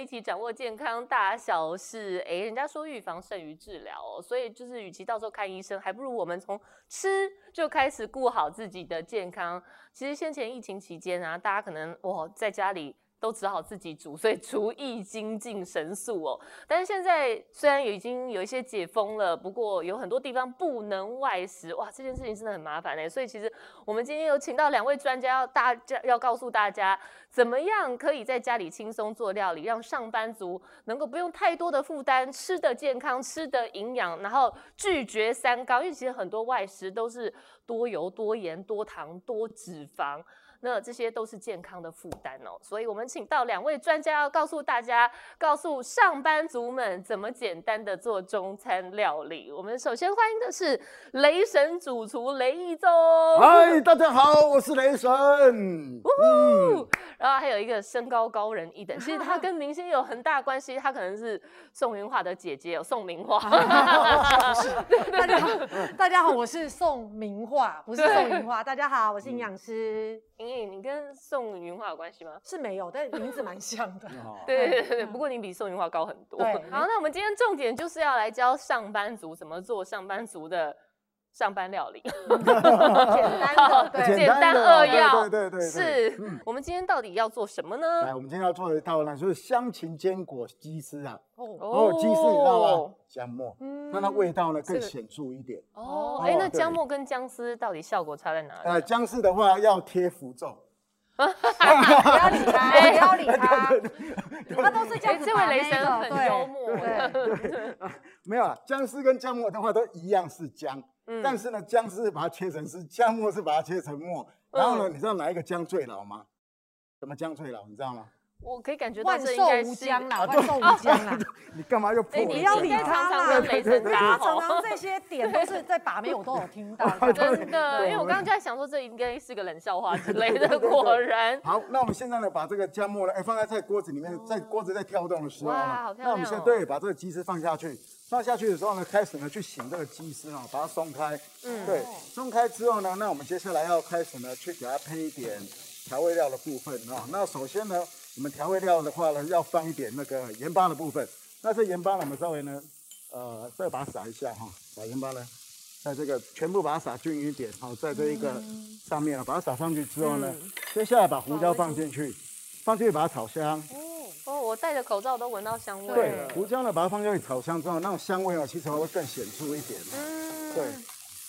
一起掌握健康大小事，誒，人家說預防勝於治療哦，所以就是與其到時候看醫生，還不如我們從吃就開始顧好自己的健康。其實先前疫情期間啊，大家可能哇在家裡。都只好自己煮，所以廚藝精進神速哦。但是現在雖然已經有一些解封了，不過有很多地方不能外食，哇，這件事情真的很麻煩哎。所以其實我們今天有請到兩位專家，要大家要告訴大家，怎麼樣可以在家裡輕鬆做料理，讓上班族能夠不用太多的負擔，吃得健康、吃得營養，然後拒絕三高，因為其實很多外食都是多油、多鹽、多糖、多脂肪。那這些都是健康的負擔哦，所以我們請到兩位專家，要告訴大家，告訴上班族們怎麼簡單的做中餐料理。我們首先歡迎的是雷神主廚雷議宗，嗨，Hi，大家好，我是雷神。嗯、然後還有一個身高高人一等，啊、其實他跟明星有很大關係，他可能是宋芸樺的姐姐有，哦，宋明樺。大家好， 大家好，我是宋明樺，不是宋芸樺。對大家好，我是營養師。嗯嗯，你跟宋云華有關係嗎？是沒有，但名字蠻像的。對對對，不過你比宋云華高很多。嗯，好，那我們今天重點就是要來教上班族怎麼做上班族的。上班料理，簡單，簡單扼要，對對對，是。我們今天到底要做什麼呢？來，我們今天要做的一套，就是香芹堅果雞絲啊。哦，哦，雞絲，你知道嗎？薑末，那它味道呢更顯著一點。哦，哎，那薑末跟薑絲到底效果差在哪裡？薑絲的話要貼符咒。不要理他，不要理他。他都是薑絲啊。這位雷神很幽默。對，沒有啊，薑絲跟薑末的話都一樣是薑。但是呢，薑絲是把它切成絲，薑末是把它切成末。然後呢，嗯、你知道哪一個薑最老嗎？什麼薑最老？你知道嗎？我可以感覺到是萬壽無疆老，對萬壽無疆啊、哎！你幹嘛又不要理他嘛、啊？他然後這些點都是在把面，我都有聽到的，對對對對真的對。因為我剛剛就在想說，這應該是個冷笑話之類的。果然。好，那我們現在呢，把這個薑末呢，哎、欸，放在在鍋子裡面，在鍋子在跳動的時候，嗯哦、那我們現在對，把這個雞絲放下去。放下去的時候呢，開始呢去醒這個雞絲哈，把它鬆開。嗯，對，鬆開之後呢，那我們接下來要開始呢去給它噴一點調味料的部分啊、哦。那首先呢，我們調味料的話呢，要放一點那個鹽巴的部分。那這鹽巴呢，我們稍微呢，呃，再把它撒一下哈、哦，把鹽巴呢，在這個全部把它撒均勻一點，好，在這一個上面啊，把它撒上去之後呢，接下來把胡椒放進去，放進去把它炒香。嗯嗯哦，oh, 我戴着口罩都聞到香味。對了，胡椒呢，把它放進去炒香之後，那種香味，啊、其實還會更顯著一點，啊。嗯，對。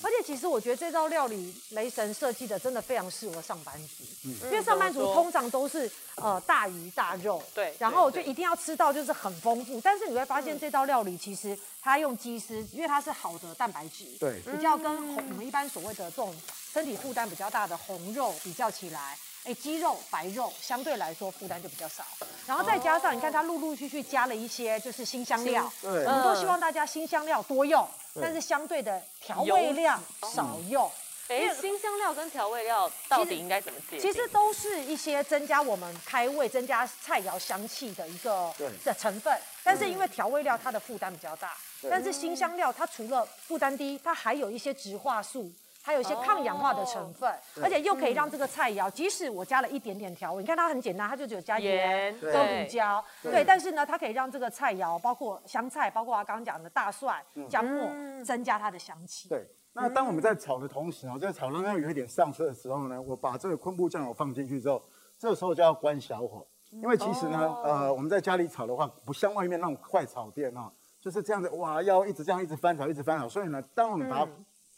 而且其實我覺得這道料理雷神設計的真的非常適合上班族，嗯，因為上班族通常都是呃大魚大肉。對。然後就一定要吃到就是很豐富，但是你會發現這道料理其實它用雞絲，因為它是好的蛋白質，對，比較跟紅，嗯，我們一般所謂的這種身體負擔比較大的紅肉比較起來。誒雞肉白肉相對來說負擔就比較少，然後再加上、哦、你看它陸陸續續加了一些就是辛香料，我們、嗯、都希望大家辛香料多用，對但是相對的調味料少用。哎、哦為，辛香料跟調味料到底應該怎麼界定？其，其實都是一些增加我們開胃、增加菜肴香氣的一個對的成分，但是因為調味料它的負擔比較大，對但是辛香料它除了負擔低，它還有一些植化素。還有一些抗氧化的成分，而且又可以讓這個菜餚，即使我加了一點點調味，你看它很簡單，它就只有加鹽、胡椒，對。但是呢，它可以讓這個菜餚，包括香菜，包括我剛剛講的大蒜、薑末，增加它的香氣。對。那當我們在炒的同時呢，在炒到它有一點上色的時候呢，我把這個昆布醬油放進去之後，這個時候就要關小火，因為其實呢，呃，我們在家裡炒的話，不像外面那種快炒店啊，就是這樣子哇，要一直這樣一直翻炒，一直翻炒。所以呢，當我們把它。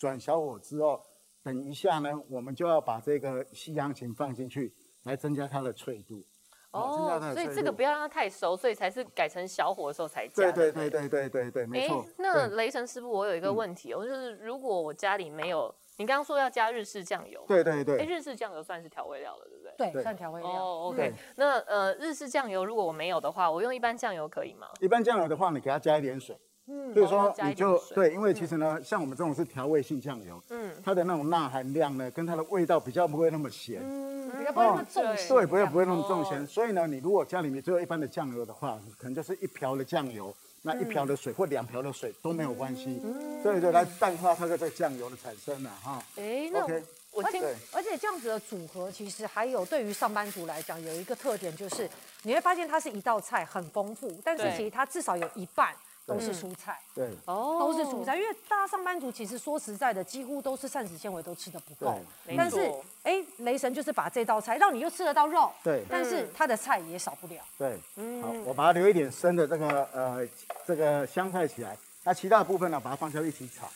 轉小火之後，等一下呢，我們就要把這個西洋芹放進去，來增加它的脆度。哦，所以這個不要讓它太熟，所以才是改成小火的時候才加。對對對對對對對，沒錯、欸。那雷神師傅，我有一個問題我、喔嗯、就是如果我家裡沒有，你剛剛說要加日式醬油。對對對。哎、欸，日式醬油算是調味料了，對不對？對，算調味料。哦，OK。對。那呃，日式醬油如果我沒有的話，我用一般醬油可以嗎？一般醬油的話，你給它加一點水。所以說你就對，因為其實呢，像我們這種是調味性醬油，嗯，它的那種鈉含量呢，跟它的味道比較不會那麼鹹，嗯，比較不會那麼重鹹，對，不會不會那麼重鹹。所以呢，你如果家裡面只有一般的醬油的話，可能就是一瓢的醬油，那一瓢的水或兩瓢的水都沒有關係，嗯，對對，來淡化它的這個醬油的產生呢，哈。哎，那我聽。而且這樣子的組合，其實還有對於上班族來講，有一個特點就是，你會發現它是一道菜很豐富，但是其實它至少有一半。對都是蔬菜，對，對哦，都是蔬菜，因為大家上班族其實說實在的，幾乎都是膳食纖維都吃得不夠。對，但是，哎、嗯欸，雷神就是把這道菜讓你又吃得到肉，對，但是他的菜也少不了。對，對對嗯，好，我把它留一點生的這個呃這個香菜起來，那其他的部分呢，把它放下去一起炒。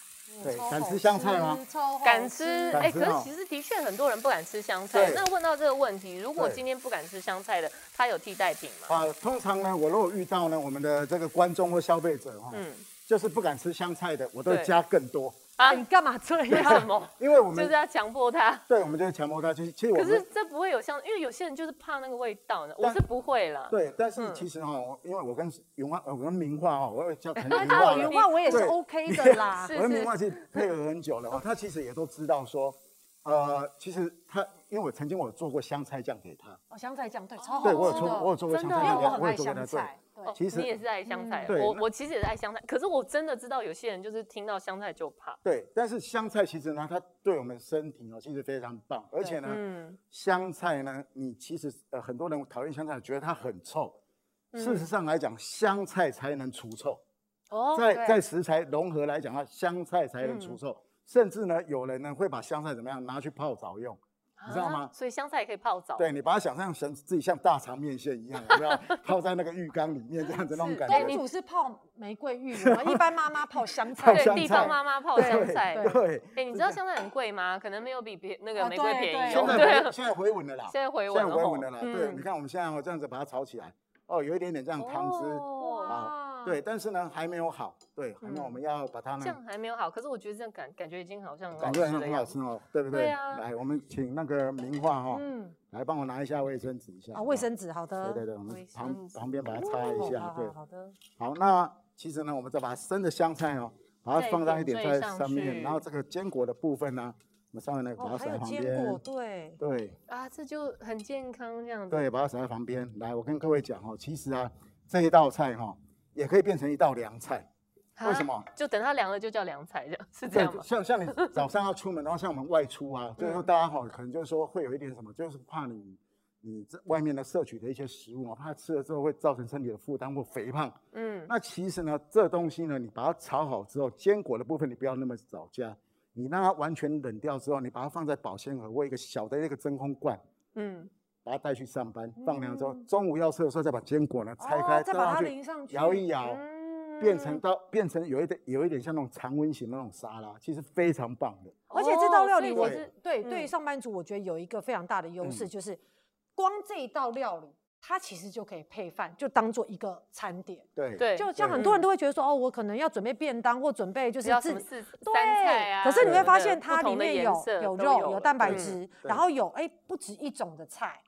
對吃敢吃香菜嗎？吃敢吃？哎吃，欸、可是其實的確很多人不敢吃香菜。對那問到這個問題，如果今天不敢吃香菜的，對他有替代品嗎？啊，通常呢，我如果遇到呢，我們的這個觀眾或消費者哈，啊、嗯，就是不敢吃香菜的，我都會加更多。啊，你幹嘛這樣麼？因為我們就是要強迫他。對，我們就是強迫他。其、就、實、是，其實我可是這不會有像，因為有些人就是怕那個味道呢。但我是不會啦。對，但是其實哈，嗯、因為我跟永畫呃，跟明樺哈，我會交朋友。他永化，化、， 啊、化我也是 OK 的啦。是是我跟明樺其實配合很久了啊，是是他其實也都知道說。呃，其實他，因為我曾經我做過香菜醬給他。哦，香菜醬，對，超好吃對，我有做，我有做過香菜醬。因為我很愛香菜。對，其實你也是愛香菜。對，我我其實也愛香菜。可是我真的知道有些人就是聽到香菜就怕。對，但是香菜其實呢，它對我們身體哦，其實非常棒。而且呢，香菜呢，你其實呃很多人討厭香菜，覺得它很臭。事實上來講，香菜才能除臭。哦。在在食材融合來講啊，香菜才能除臭。甚至呢，有人呢會把香菜怎麼樣拿去泡澡用，你知道嗎？所以香菜也可以泡澡。對，你把它想象成自己像大腸麵線一樣，對吧？泡在那個浴缸裡面這樣子那種感覺。公主是泡玫瑰浴嘛，一般媽媽泡香菜，地方媽媽泡香菜。對哎，你知道香菜很貴嗎？可能沒有比別那個玫瑰便宜。現在回穩了啦。現在回穩了。現在回穩了啦。對，你看我們現在這樣子把它炒起來，哦，有一點點這樣湯汁哇。對，但是呢還沒有好。對，那我們要把它呢。這樣還沒有好，可是我覺得這樣感感覺已經好像。感覺很好吃哦，對不對？對，來，我們請那個明樺哈，嗯，來幫我拿一下衛生紙一下。啊，衛生紙，好的。對對對，我們旁旁邊把它擦一下，對。好的。好，那其實呢，我們再把生的香菜哦，把它放上一點在上面，然後這個堅果的部分呢，我們稍微呢把它擺在旁邊。對。對。啊，這就很健康這樣。對，把它擺在旁邊。來，我跟各位講哦，其實啊，這一道菜哈。也可以變成一道涼菜，蛤為什麼？就等它涼了就叫涼菜，是這樣嗎？像像你早上要出門，然後像我們外出啊， 就是大家好、喔，可能就是說會有一點什麼，就是怕你你這外面的攝取的一些食物啊，怕吃了之後會造成身體的負擔或肥胖。嗯，那其實呢，這東西呢，你把它炒好之後，堅果的部分你不要那麼早加，你讓它完全冷掉之後，你把它放在保鮮盒或一個小的那個真空罐。嗯。把它帶去上班，放涼之後，中午要吃的時候再把堅果呢、喔、拆開再把它淋上去，搖一搖，嗯、變成到變成有一點有一點像那種常溫型的那種沙拉，其實非常棒的。而且這道料理也是對對於對對上班族，我覺得有一個非常大的優勢，對嗯、就是光這一道料理。嗯它其實就可以配飯，就當做一個餐點。對，就像很多人都會覺得說，哦，我可能要準備便當或準備就是自。要對，可是你會發現它裡面有有肉、有蛋白質，然後有哎不止一種的菜。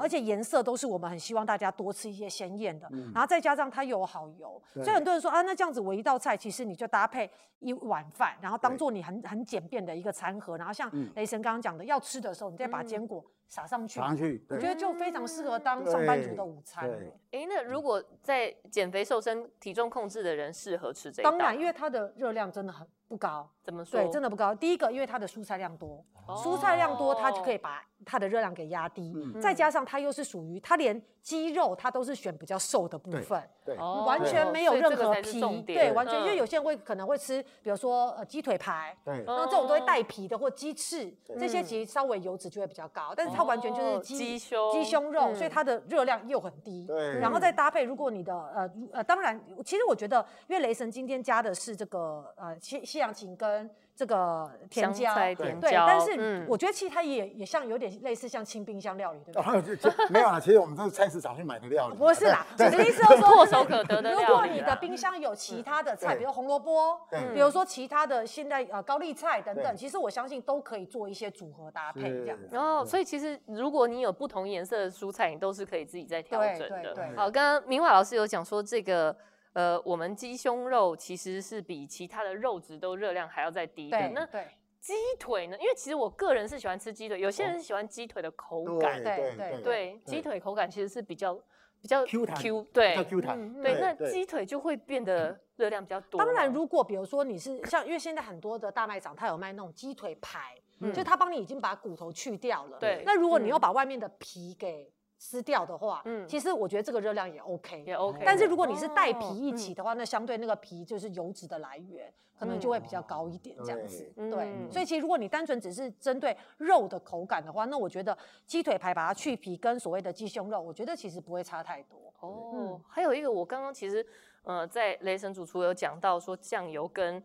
而且顏色都是我們很希望大家多吃一些鮮豔的，然後再加上它有好油，所以很多人說啊，那這樣子我一道菜其實你就搭配一碗飯，然後當做你很很簡便的一個餐盒，然後像雷神剛剛講的，要吃的時候你再把堅果。撒上，啊、撒上去，我覺得就非常適合當上班族的午餐。誒，那如果在減肥、瘦身、體重控制的人適合吃這個？當然，因為它的熱量真的很。不高，怎麼說？對，真的不高。第一個，因為它的蔬菜量多，蔬菜量多，它就可以把它的熱量給壓低。再加上它又是屬於，它連雞肉它都是選比較瘦的部分，對，完全沒有任何皮。對，完全，因為有些人會可能會吃，比如說呃雞腿排，對，那這種都會帶皮的，或雞翅，這些其實稍微油脂就會比較高，但是它完全就是雞胸雞胸肉，所以它的熱量又很低。對，然後再搭配，如果你的呃呃，當然，其實我覺得，因為雷神今天加的是這個呃醬芹跟這個甜椒，對，但是我覺得其實它也也像有點類似像清冰箱料理，對不對？沒有啊，其實我們都是菜市場去買的料理。不是啦，你的意思說唾手可得的。如果你的冰箱有其他的菜，比如紅蘿蔔，比如說其他的現在呃高麗菜等等，其實我相信都可以做一些組合搭配這樣。然後，所以其實如果你有不同顏色的蔬菜，你都是可以自己再調整的。好，剛剛明華老師有講說這個。呃，我們雞胸肉其實是比其他的肉質都熱量還要再低的。那雞腿呢？因為其實我個人是喜歡吃雞腿，有些人是喜歡雞腿的口感。對對對，雞腿口感其實是比較比較 Q Q 彈，對 Q 彈對，那雞腿就會變得熱量比較多。當然，如果比如說你是像，因為現在很多的大賣場，他有賣那種雞腿排，就他幫你已經把骨頭去掉了。對。那如果你要把外面的皮給撕掉的話，嗯，其實我覺得這個熱量也 OK，也 OK。但是如果你是帶皮一起的話，那相對那個皮就是油脂的來源，可能就會比較高一點這樣子。對，所以其實如果你單純只是針對肉的口感的話，那我覺得雞腿排把它去皮跟所謂的雞胸肉，我覺得其實不會差太多哦。還有一個，我剛剛其實，呃，在雷神主廚有講到說醬油跟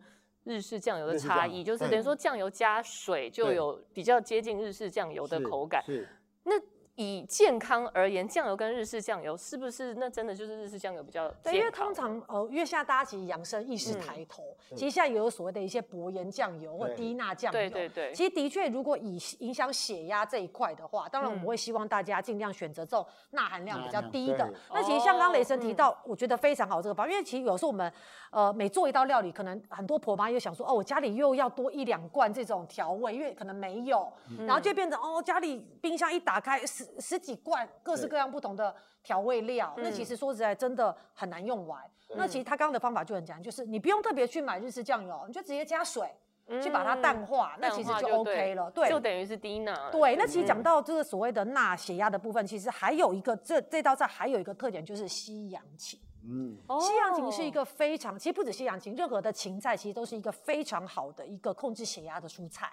日式醬油的差異，就是等於說醬油加水就有比較接近日式醬油的口感。是，那。以健康而言，醬油跟日式醬油是不是，那真的就是日式醬油比較的？對，因為通常呃，月下大家其實養生意識抬頭，嗯、其實現在也有所謂的一些薄鹽醬油或低鈉醬油。對其實的確，如果以影響血壓這一塊的話，當然我們會希望大家盡量選擇這種鈉含量比較低的。嗯、那其實像剛雷神提到，嗯、我覺得非常好這個包，因為其實有時候我們呃每做一道料理，可能很多婆媽又想說哦，我家裡又要多一兩罐這種調味，因為可能沒有，嗯、然後就變成哦，家裡冰箱一打開。十幾罐各式各樣不同的調味料，對那其實說實在，真的很難用完。嗯、那其實他剛剛的方法就很簡單，就是你不用特別去買日式醬油，你就直接加水，嗯、去把它淡化，那其實就 OK 了。對，對就等於是低鈉。對，那其實講到這個所謂的鈉血壓的部分，其實還有一個，這這道菜還有一個特點就是西洋芹。嗯，西洋芹是一個非常，其實不止西洋芹，任何的芹菜其實都是一個非常好的一個控制血壓的蔬菜。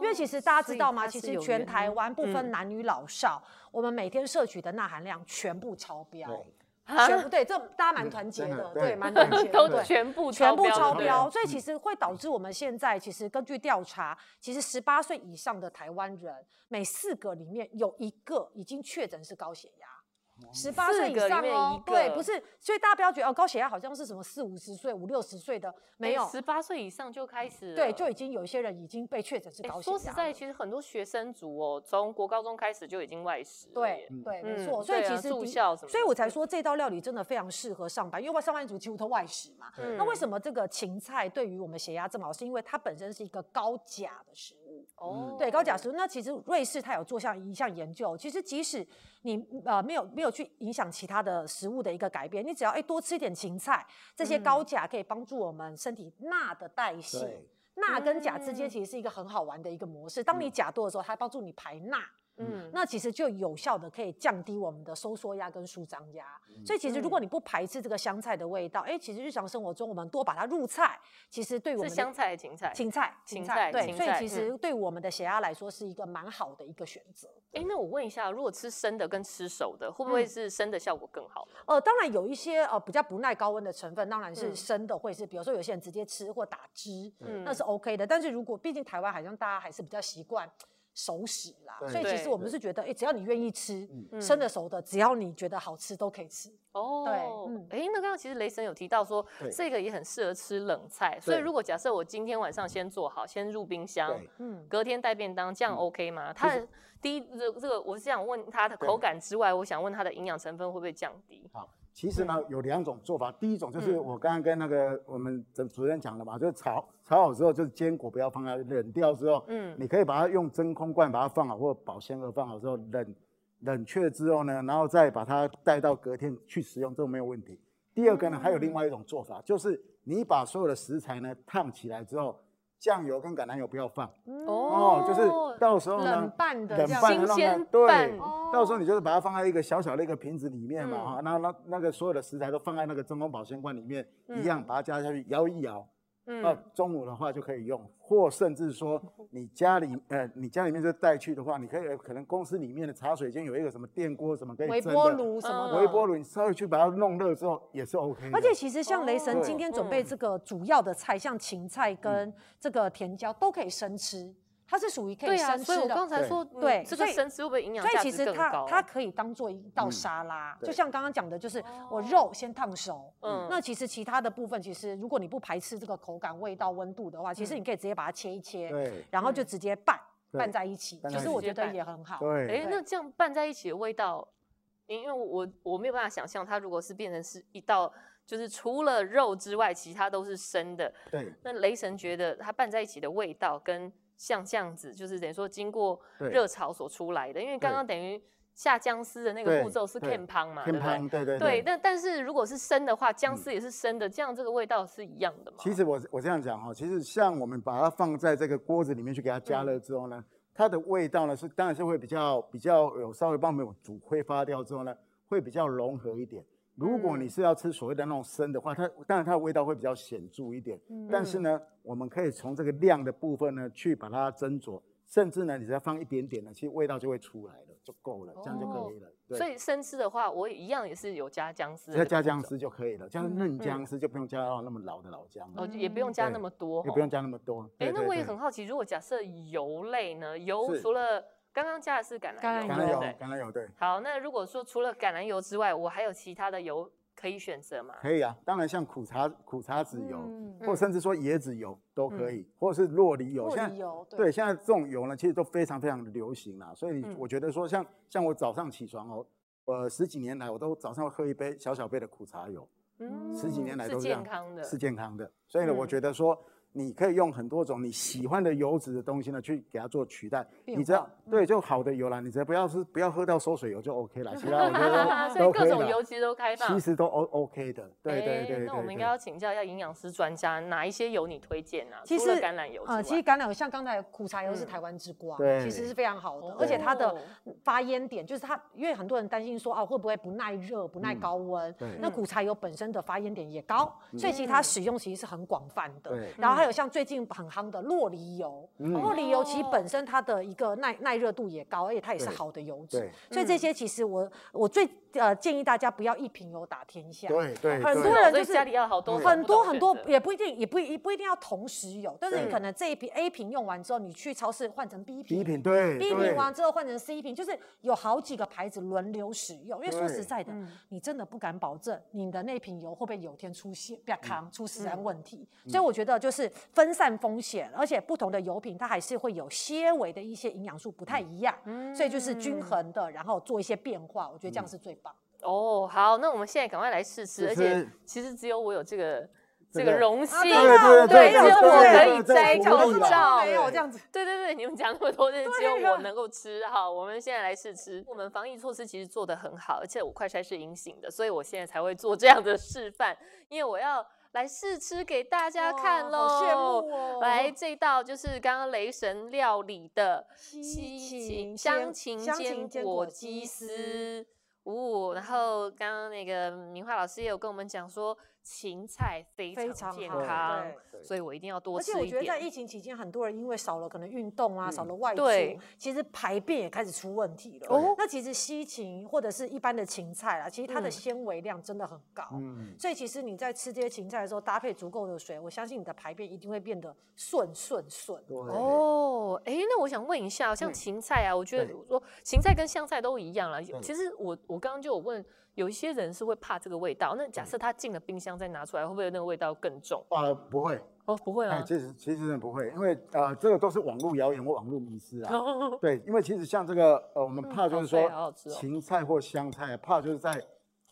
因為其實大家知道嗎？其實全台灣不分男女老少，嗯、我們每天攝取的鈉含量全部超標，嗯、全部，對，這大家蠻團結的，嗯、真的？對，蠻團結的呵呵，都全部全部超標，對所以其實會導致我們現在其實根據調查，其實十八歲以上的台灣人每四個裡面有一個已經確診是高血壓。十八歲以上哦，對，不是，所以大家不要覺得哦，高血壓好像是什麼四五十歲、五六十歲的沒有，十八歲以上就開始，對，就已經有一些人已經被確診是高血壓、欸。說實在，其實很多學生族哦，從國高中開始就已經外食對。對對，沒錯、嗯，所以其實、啊、住校什麼，所以我才說這道料理真的非常適合上班，因為上班族幾乎都外食嘛。嗯、那為什麼這個芹菜對於我們血壓這麼好？是因為它本身是一個高鉀的食物。哦，oh. 對高鉀食物，那其實瑞士它有做像一項研究，其實即使你呃沒有沒有去影響其他的食物的一個改變，你只要哎多吃一點芹菜，這些高鉀可以幫助我們身體鈉的代謝，嗯，鈉跟鉀之間其實是一個很好玩的一個模式，當你鉀多的時候，它幫助你排鈉。嗯嗯嗯，那其實就有效的可以降低我們的收縮壓跟舒張壓，嗯、所以其實如果你不排斥這個香菜的味道，哎、嗯欸，其實日常生活中我們多把它入菜，其實對我們的是香菜芹菜，芹菜？芹菜，芹菜，對，嗯、所以其實對我們的血壓來說是一個蠻好的一個選擇。哎、欸，那我問一下，如果吃生的跟吃熟的，會不會是生的效果更好、嗯？呃，當然有一些呃比較不耐高溫的成分，當然是生的或、嗯、是，比如說有些人直接吃或打汁，嗯、那是 OK 的。但是如果畢竟台灣好像大家還是比較習慣。熟食啦，所以其實我們是覺得，哎，只要你願意吃，生的、熟的，只要你覺得好吃都可以吃。哦，對，哎，那剛剛其實雷神有提到說，這個也很適合吃冷菜。所以如果假設我今天晚上先做好，先入冰箱，隔天帶便當，這樣 OK 嗎？它的第一，這這個我是想問它的口感之外，我想問它的營養成分會不會降低？好。其實呢，有兩種做法。第一種就是我剛剛跟那個我們主主持人講的嘛，嗯、就是炒炒好之後，就是堅果不要放在、啊、冷掉之後，嗯，你可以把它用真空罐把它放好，或保鮮盒放好之後，冷冷卻之後呢，然後再把它帶到隔天去使用，這個沒有問題。第二個呢，還有另外一種做法，嗯、就是你把所有的食材呢燙起來之後，醬油跟橄欖油不要放哦，哦，就是到時候呢，冷拌的、冷拌的，新鮮對，哦、到時候你就是把它放在一個小小的一個瓶子裡面嘛，哈，那那那個所有的食材都放在那個真空保鮮罐裡面，嗯、一樣把它加下去，搖一搖。到、嗯啊、中午的話就可以用，或甚至說你家裡，呃，你家裡面就帶去的話，你可以可能公司裡面的茶水間有一個什麼電鍋什麼，可以微波爐什麼的，微波爐你稍微去把它弄熱之後也是 OK。嗯、而且其實像雷神今天準備這個主要的菜，像芹菜跟這個甜椒都可以生吃。它是屬於可以生吃的，對呀，所以我剛才說對，這個生吃會不會營養價值更高？所以其實它它可以當做一道沙拉，就像剛剛講的，就是我肉先燙熟，嗯，那其實其他的部分，其實如果你不排斥這個口感、味道、溫度的話，其實你可以直接把它切一切，對，然後就直接拌拌在一起，其實我覺得也很好。對，哎，那這樣拌在一起的味道，因為我我沒有辦法想象，它如果是變成是一道，就是除了肉之外，其他都是生的，對。那雷神覺得它拌在一起的味道跟像這樣子，就是等於說經過熱炒所出來的，對因為剛剛等於下薑絲的那個步驟是嗆芳嘛，嗆芳，對不對？對對,嗆芳,對對對,對但。但是如果是生的話，薑絲也是生的，嗯、這樣這個味道是一樣的嘛？其實我我這樣講哈、喔，其實像我們把它放在這個鍋子裡面去給它加熱之後呢，嗯、它的味道呢是當然是會比較比較有稍微幫我們煮揮發掉之後呢，會比較融合一點。如果你是要吃所謂的那種生的話，它當然它的味道會比較顯著一點。嗯、但是呢，我們可以從這個量的部分呢去把它斟酌，甚至呢，你只要放一點點呢，其實味道就會出來了，就夠了，這樣就可以了。哦、對所以生吃的話，我一樣也是有加薑絲，加薑絲就可以了。加嫩薑絲就不用加到那麼老的老薑，哦、嗯，嗯、對也不用加那麼多、哦，也不用加那麼多。哎，那我也很好奇，如果假設油類呢，油除了剛剛加的是橄欖油，橄欖油，橄欖油，對。好，那如果說除了橄欖油之外，我還有其他的油可以選擇嗎？可以啊，當然像苦茶苦茶籽油，或甚至說椰子油都可以，或者是酪梨油。像對。現在這種油呢，其實都非常非常流行啦，所以我覺得說，像像我早上起床哦，呃，十幾年來我都早上喝一杯小小杯的苦茶油，十幾年來都是健康的，是健康的。所以呢，我覺得說。你可以用很多種你喜歡的油脂的東西呢，去給它做取代。你知道對，就好的油啦，你只要不要是不要喝到縮水油就 OK 了，其他所以各種油脂都開放，其實都 O OK 的。對對對，那我們應該要請教一下營養師專家，哪一些油你推薦啊？其實橄欖油啊，其實橄欖油像剛才苦茶油是台灣之光，其實是非常好的，而且它的發煙點就是它，因為很多人擔心說啊會不會不耐熱、不耐高溫，那苦茶油本身的發煙點也高，所以其實它使用其實是很廣泛的。然後。還有像最近很夯的酪梨油，酪、嗯、梨油，其實本身它的一個耐耐熱度也高，而且它也是好的油脂，所以這些其實我、嗯、我最。呃，建議大家不要一瓶油打天下。對對，很多人就是家裡要好多很多很多，也不一定也不一不一定要同時有，但是你可能這一瓶 A 瓶用完之後，你去超市換成 B 瓶。B 瓶對。B 瓶完之後換成 C 瓶，就是有好幾個牌子輪流使用。因為說實在的，你真的不敢保證你的那瓶油會不會有天出現要扛，出食安問題。所以我覺得就是分散風險，而且不同的油品它還是會有些微的一些營養素不太一樣，所以就是均衡的，然後做一些變化，我覺得這樣是最。哦，好，那我們現在趕快來試吃，而且其實只有我有這個這個榮幸，對，只有我可以摘口罩，沒有這樣子，對對對，你們講那麼多就是，只有我能夠吃哈。我們現在來試吃，我們防疫措施其實做得很好，而且我快篩是陰性的，所以我現在才會做這樣的示範，因為我要來試吃給大家看嘍。羨慕來，這道就是剛剛雷神料理的西芹香芹堅果雞絲。哦，然後剛剛那個明樺老師也有跟我們講說，芹菜非常健康，所以我一定要多吃。而且我覺得在疫情期間，很多人因為少了可能運動啊，少了外出，其實排便也開始出問題了。那其實西芹或者是一般的芹菜啊，其實它的纖維量真的很高，所以其實你在吃這些芹菜的時候，搭配足夠的水，我相信你的排便一定會變得順順順。哦，哎，那我想問一下，像芹菜啊，我覺得說芹菜跟香菜都一樣了，其實我我。剛剛就有問，有一些人是會怕這個味道，那假設他進了冰箱再拿出來，會不會那個味道更重？啊、呃，不會哦，不會啊、欸。其實其實不會，因為啊、呃，這個都是網絡謠言或網絡迷思啊。哦哦哦對，因為其實像這個呃，我們怕就是說，嗯 okay, 好好哦、芹菜或香菜，怕就是在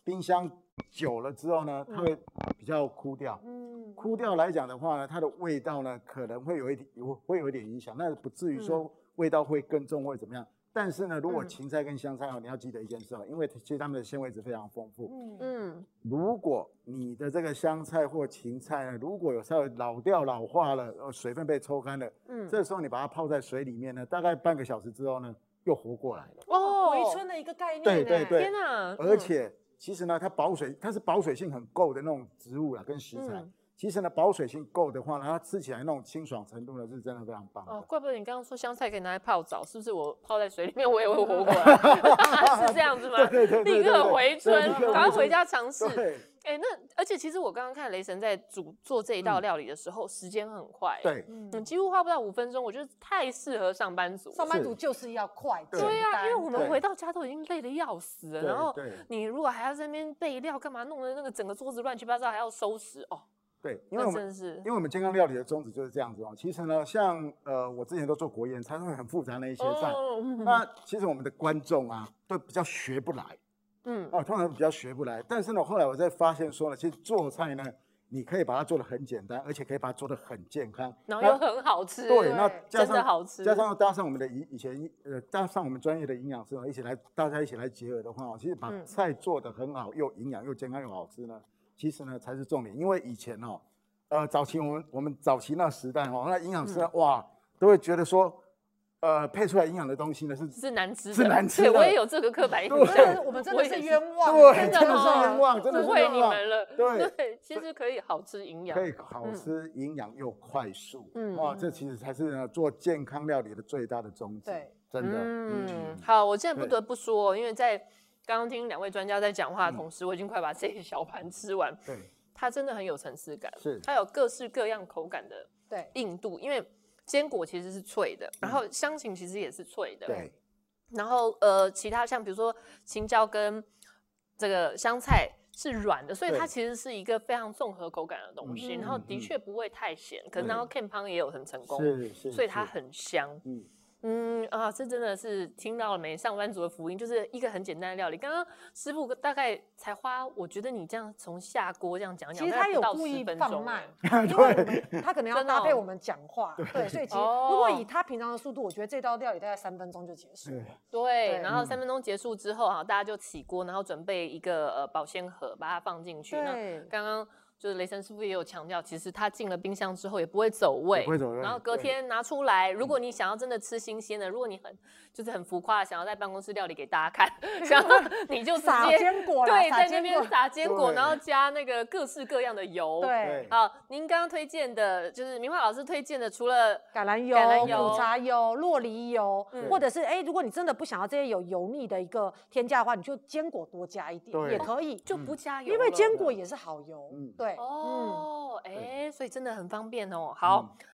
冰箱久了之後呢，它會比較枯掉。嗯。枯掉來講的話呢，它的味道呢可能會有一點有會有一點影響，但是不至於說味道會更重或怎麼樣。嗯但是呢，如果芹菜跟香菜哦，嗯、你要記得一件事哦，因為其實它們的纖維質非常豐富。嗯嗯，如果你的這個香菜或芹菜呢，如果有稍微老掉、老化了，水分被抽乾了，嗯，這時候你把它泡在水裡面呢，大概半個小時之後呢，又活過來了。哦，回春的一個概念。對對對。天哪！而且、嗯、其實呢，它保水，它是保水性很夠的那種植物啊，跟食材。嗯其實呢，保水性夠的話呢，它吃起來那種清爽程度呢是真的非常棒。哦，怪不得你剛剛說香菜可以拿來泡澡，是不是？我泡在水裡面，我也會活過來，是這樣子嗎？立刻回春！趕快回家嘗試。哎，那而且其實我剛剛看雷神在煮、做這一道料理的時候，時間很快。對，嗯，幾乎花不到五分鐘。我覺得太適合上班族，上班族就是要快。對啊，因為我們回到家都已經累得要死了，然後你如果還要在那邊備料，幹嘛弄得那個整個桌子亂七八糟，還要收拾哦。對，因為我們，真因為我們健康料理的宗旨就是這樣子哦。其實呢，像呃，我之前都做國宴它會很複雜的一些菜。哦、那其實我們的觀眾啊，都比較學不來。嗯。哦、啊，通常比較學不來。但是呢，後來我在發現說呢，其實做菜呢，你可以把它做得很簡單，而且可以把它做得很健康，然後又很好吃。對，對那加上，真的好吃。加上加上我們的以以前呃，加上我們專業的營養師一起來，大家一起來結合的話，其實把菜做得很好，嗯、又營養又健康又好吃呢。其實呢才是重點，因為以前哦，呃，早期我們我們早期那時代哦，那營養師哇都會覺得說，呃，配出來營養的東西呢是是難吃，是難吃，我也有這個刻板印象，我們真的是冤枉，真的是冤枉，真的為你們了。對，其實可以好吃營養，可以好吃營養又快速，嗯，哇，這其實才是呢做健康料理的最大的宗旨。真的。嗯，好，我現在不得不說，因為在。剛剛聽兩位專家在講話的同時，我已經快把這些小盤吃完。對，它真的很有層次感，它有各式各樣口感的。對，硬度，因為堅果其實是脆的，然後香芹其實也是脆的。對。然後呃，其他像比如說青椒跟這個香菜是軟的，所以它其實是一個非常綜合口感的東西。然後的確不會太鹹，可能然後 Ken Pang 也有很成功，所以它很香。嗯。嗯啊，這真的是聽到了沒？上班族的福音，就是一個很簡單的料理。剛剛師傅大概才花，我覺得你這樣從下鍋這樣講講，其實他有故意放慢，因為我們對他可能要搭配我們講話，對，對對，所以其實如果以他平常的速度，我覺得這道料理大概三分鐘就結束。對，對對然後三分鐘結束之後哈，大家就起鍋，然後準備一個呃保鮮盒，把它放進去。對那剛剛。就是雷神師傅也有強調，其實它進了冰箱之後也不會走味，不會走味。然後隔天拿出來，對如果你想要真的吃新鮮的，如果你很。就是很浮誇，想要在辦公室料理給大家看，然後你就撒堅果，對，在那邊撒堅果，然後加那個各式各樣的油。對，好，您剛剛推薦的就是明樺老師推薦的，除了橄欖油、苦茶油、酪梨油，或者是哎，如果你真的不想要這些有油膩的一個添加的話，你就堅果多加一點也可以，就不加油，因為堅果也是好油。對，哦，哎，所以真的很方便哦。好。